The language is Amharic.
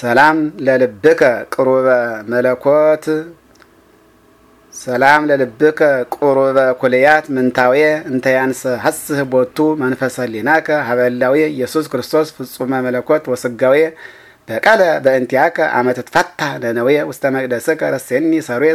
ሰላም ለልብከ ቅሩበ መለኮት ሰላም ለልብከ ቁሩበ ኩልያት ምንታዌ እንተያንስ ሀስህ ቦቱ መንፈሰ ሊናከ ሀበላዊ ኢየሱስ ክርስቶስ ፍጹመ መለኮት ወስጋዌ በቀለ በእንቲያከ አመ ትትፈታ ለነዌ ውስተ መቅደስከ ረሴኒ ሰሩየ